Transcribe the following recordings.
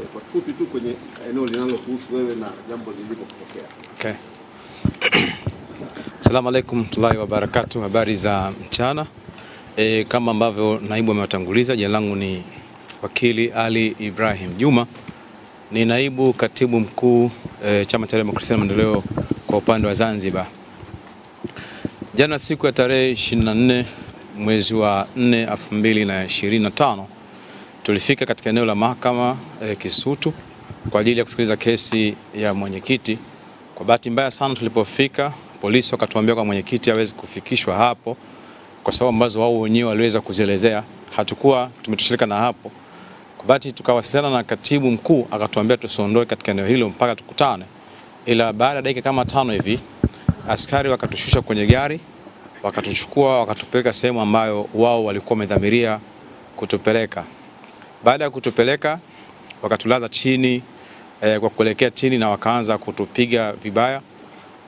Eh, kwa kifupi tu kwenye eneo linalokuhusu wewe na jambo lilipokutokea. Okay. Asalamu alaykum wa barakatu, habari za mchana. E, kama ambavyo naibu amewatanguliza, jina langu ni wakili Ali Ibrahim Juma, ni naibu katibu mkuu e, chama cha demokrasia na maendeleo kwa upande wa Zanzibar. Jana siku ya tarehe 24 mwezi wa 4 2025 Tulifika katika eneo la mahakama e, Kisutu kwa ajili ya kusikiliza kesi ya mwenyekiti. Kwa bahati mbaya sana, tulipofika polisi wakatuambia kwa mwenyekiti hawezi kufikishwa hapo kwa sababu ambazo wao wenyewe waliweza kuzielezea, hatukuwa tumetoshirika na hapo. Kwa bahati tukawasiliana na katibu mkuu, akatuambia tusiondoe katika eneo hilo mpaka tukutane, ila baada ya dakika kama tano hivi askari wakatushusha kwenye gari, wakatuchukua, wakatupeleka sehemu ambayo wao walikuwa wamedhamiria kutupeleka. Baada ya kutupeleka wakatulaza chini eh, kwa kuelekea chini na wakaanza kutupiga vibaya.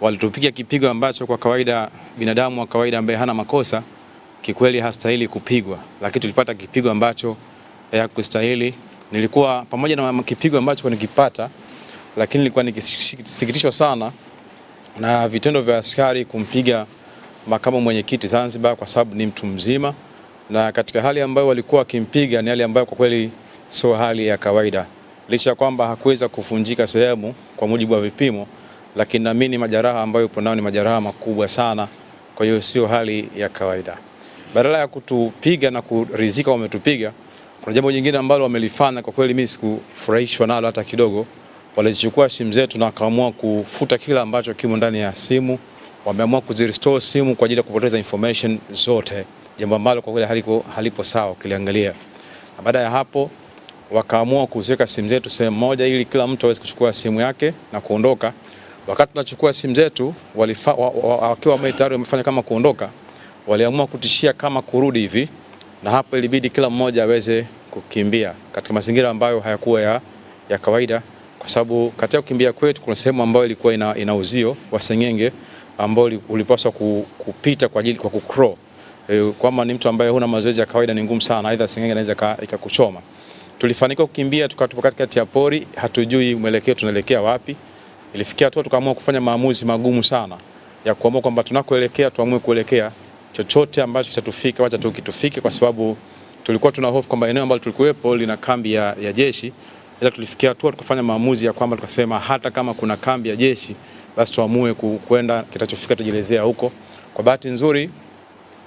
Walitupiga kipigo ambacho kwa kawaida binadamu wa kawaida ambaye hana makosa kikweli hastahili kupigwa, lakini tulipata kipigo ambacho eh, hakustahili. Nilikuwa pamoja na kipigo ambacho nikipata, lakini nilikuwa nikisikitishwa sana na vitendo vya askari kumpiga makamu mwenyekiti Zanzibar, kwa sababu ni mtu mzima na katika hali ambayo walikuwa wakimpiga ni hali ambayo kwa kweli sio hali ya kawaida, licha ya kwamba hakuweza kufunjika sehemu kwa mujibu wa vipimo, lakini naamini majeraha ambayo yupo nayo ni majeraha makubwa sana, kwa hiyo sio hali ya kawaida. Badala ya kutupiga na kuridhika wametupiga, kuna jambo jingine ambalo wamelifanya, kwa kweli mimi sikufurahishwa nalo hata kidogo. Walizichukua simu zetu na wakaamua kufuta kila ambacho kimo ndani ya simu. Wameamua kuzirestore simu kwa ajili ya kupoteza information zote jambo ambalo kwa kweli haliko, halipo sawa ukiliangalia. Baada ya hapo wakaamua kuziweka simu zetu sehemu moja ili kila mtu aweze kuchukua simu yake na kuondoka. Wakati tunachukua simu zetu wakiwa wa, wa, wametayari wamefanya kama kuondoka, waliamua kutishia kama kurudi hivi, na hapo ilibidi kila mmoja aweze kukimbia katika mazingira ambayo hayakuwa ya, ya kawaida, kwa sababu katika kukimbia kwetu kuna sehemu ambayo ilikuwa ina, ina uzio wa sengenge ambao ulipaswa kupita kwa ajili kwa kukro e, kwamba ni mtu ambaye huna mazoezi ya kawaida ni ngumu sana, aidha sengenge inaweza ikakuchoma. Tulifanikiwa kukimbia tukatupa katikati ya pori, hatujui mwelekeo tunaelekea wapi. Ilifikia hatua tukaamua kufanya maamuzi magumu sana ya kuamua kwamba tunakoelekea tuamue kuelekea chochote ambacho kitatufika, wacha tu kitufike, kwa sababu tulikuwa tuna hofu kwamba eneo ambalo tulikuwepo lina kambi ya, ya jeshi, ila tulifikia hatua tukafanya maamuzi ya kwamba tukasema hata kama kuna kambi ya jeshi basi tuamue kwenda, kitachofika tujelezea huko. Kwa bahati nzuri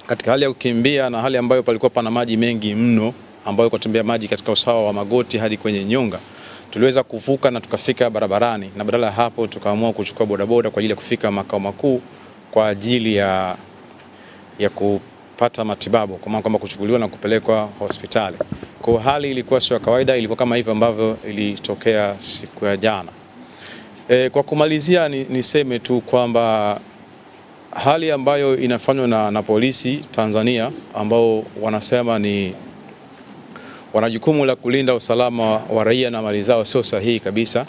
katika hali ya kukimbia na hali ambayo palikuwa pana maji mengi mno ambayo kutembea maji katika usawa wa magoti hadi kwenye nyonga, tuliweza kuvuka na tukafika barabarani, na badala ya hapo tukaamua kuchukua bodaboda kwa ajili ya kufika makao makuu kwa ajili ya, ya kupata matibabu, kwa maana kwamba kuchukuliwa na kupelekwa hospitali. Kwa hali ilikuwa sio ya kawaida, ilikuwa kama hivyo ambavyo ilitokea siku ya jana. E, kwa kumalizia niseme ni tu kwamba hali ambayo inafanywa na, na polisi Tanzania ambao wanasema ni wana jukumu la kulinda usalama wa raia na mali zao sio sahihi kabisa,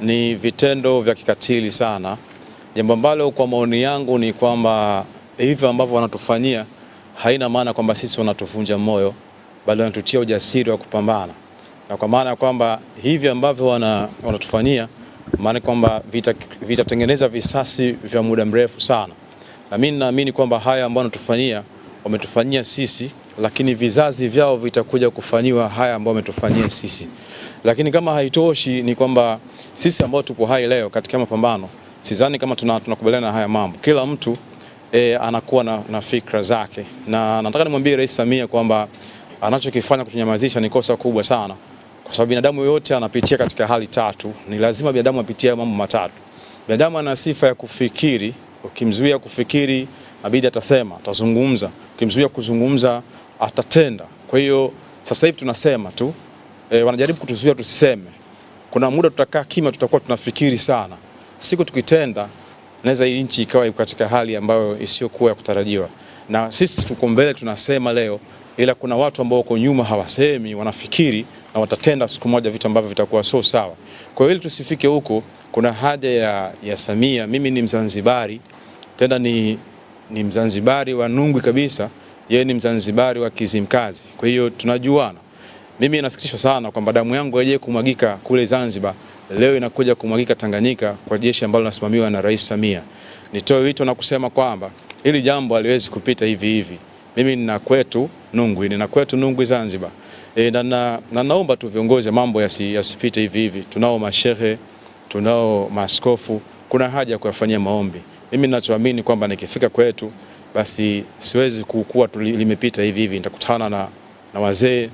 ni vitendo vya kikatili sana, jambo ambalo kwa maoni yangu ni kwamba hivyo ambavyo wanatufanyia haina maana kwamba sisi wanatuvunja moyo, bali wanatutia ujasiri wa kupambana, na kwa maana ya kwamba hivi ambavyo wana, wanatufanyia maana kwamba vitatengeneza vita visasi vya muda mrefu sana na mimi naamini kwamba haya ambayo wanatufanyia wametufanyia sisi, lakini vizazi vyao vitakuja kufanyiwa haya ambayo wametufanyia sisi. Lakini kama haitoshi ni kwamba sisi ambao tupo hai leo katika mapambano, sidhani kama tunakubaliana tuna na haya mambo. Kila mtu e, anakuwa na, na fikra zake, na nataka nimwambie Rais Samia kwamba anachokifanya kutunyamazisha ni kosa kubwa sana, kwa sababu binadamu yote anapitia katika hali tatu. Ni lazima binadamu apitie mambo matatu. Binadamu ana sifa ya kufikiri Ukimzuia kufikiri abidi atasema, atazungumza. Ukimzuia kuzungumza atatenda. Kwa hiyo sasa hivi tunasema tu e, wanajaribu kutuzuia tusiseme. Kuna muda tutakaa kimya, tutakuwa tunafikiri sana. Siku tukitenda naweza hii nchi ikawa katika hali ambayo isiyokuwa ya kutarajiwa. Na sisi tuko mbele, tunasema leo, ila kuna watu ambao wako nyuma hawasemi, wanafikiri na watatenda siku moja vitu ambavyo vitakuwa sio sawa. Kwa hiyo ili tusifike huko kuna haja ya, ya Samia. Mimi ni Mzanzibari tena ni, ni Mzanzibari wa Nungwi kabisa, yeye ni Mzanzibari wa Kizimkazi, kwa hiyo tunajuana. Mimi nasikitishwa sana kwamba damu yangu yeye kumwagika kule Zanzibar leo inakuja kumwagika Tanganyika kwa jeshi ambalo linasimamiwa na Rais Samia. Nitoe wito na kusema kwamba hili jambo haliwezi kupita hivi hivi. Mimi nina kwetu Nungwi, nina kwetu Nungwi Zanzibar. E, na, na, na naomba tu viongozi mambo yasipite yasi hivi hivi. Tunao mashehe tunao maaskofu, kuna haja ya kuyafanyia maombi. Mimi ninachoamini kwamba nikifika kwetu, basi siwezi kukuwa limepita hivi hivi, nitakutana na, na wazee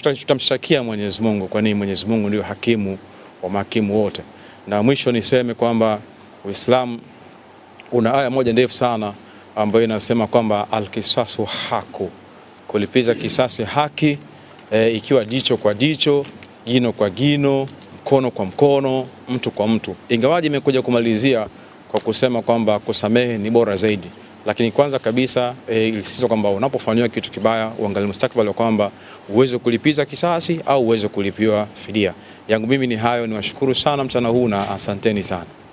tutamshtakia Mwenyezi Mungu, kwani Mwenyezi Mungu ndio hakimu wa mahakimu wote. Na mwisho niseme kwamba Uislamu una aya moja ndefu sana ambayo inasema kwamba alkisasu haku, kulipiza kisasi haki e, ikiwa jicho kwa jicho, jino kwa jino mkono kwa mkono, mtu kwa mtu, ingawaje imekuja kumalizia kwa kusema kwamba kusamehe ni bora zaidi. Lakini kwanza kabisa e, ilisisitiza kwamba unapofanyiwa kitu kibaya uangalie mustakabali wa kwamba uweze kulipiza kisasi au uweze kulipiwa fidia. Yangu mimi ni hayo, niwashukuru sana mchana huu na asanteni sana.